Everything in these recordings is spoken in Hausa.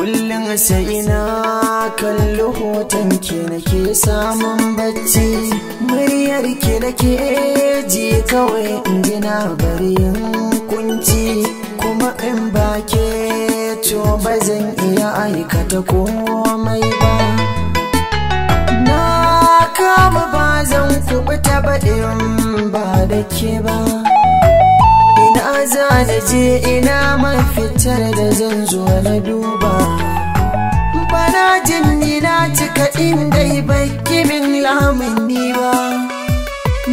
kullum sai na kallo hoton ke nake samun bacci muryar ki nake ji kawai in ji na bari kunci kuma in ba ke to ba zan iya aikata komai ba na kama ba zan kubuta baɗin ba da ke ba za na je ina mafitar da zan zo na duba bana jin ni na cika dai bai kimin lamuni ba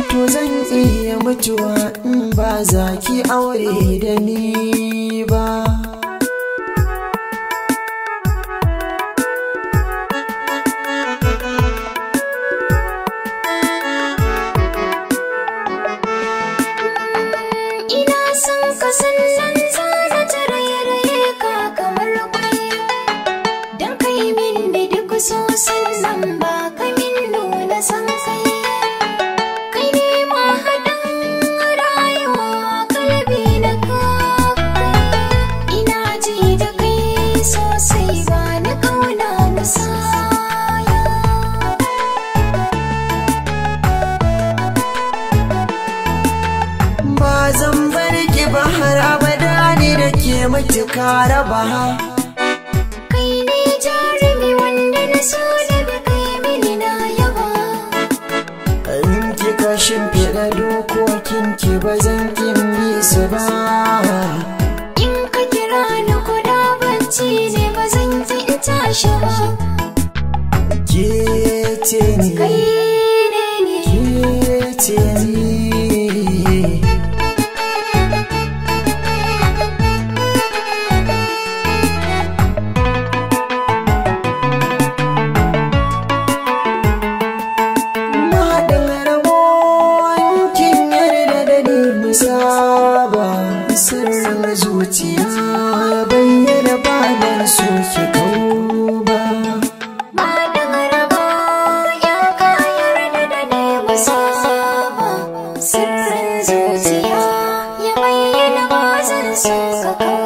to zan iya mutuwa in ba za ki aure da ni ba listen mutuka raba kai ne jarumi wanda na so da baka mini na yaba in kika shimfiɗa dokokin ki ba zan kin bi su ba in ka kira ni kuda bacci ne ba zan ki tashi ba ke ce ni ba sirrin bayyana ba na so ki kau ba ba da maraba ya kayar ba sirrin zuciya ya bayyana ba zan so ka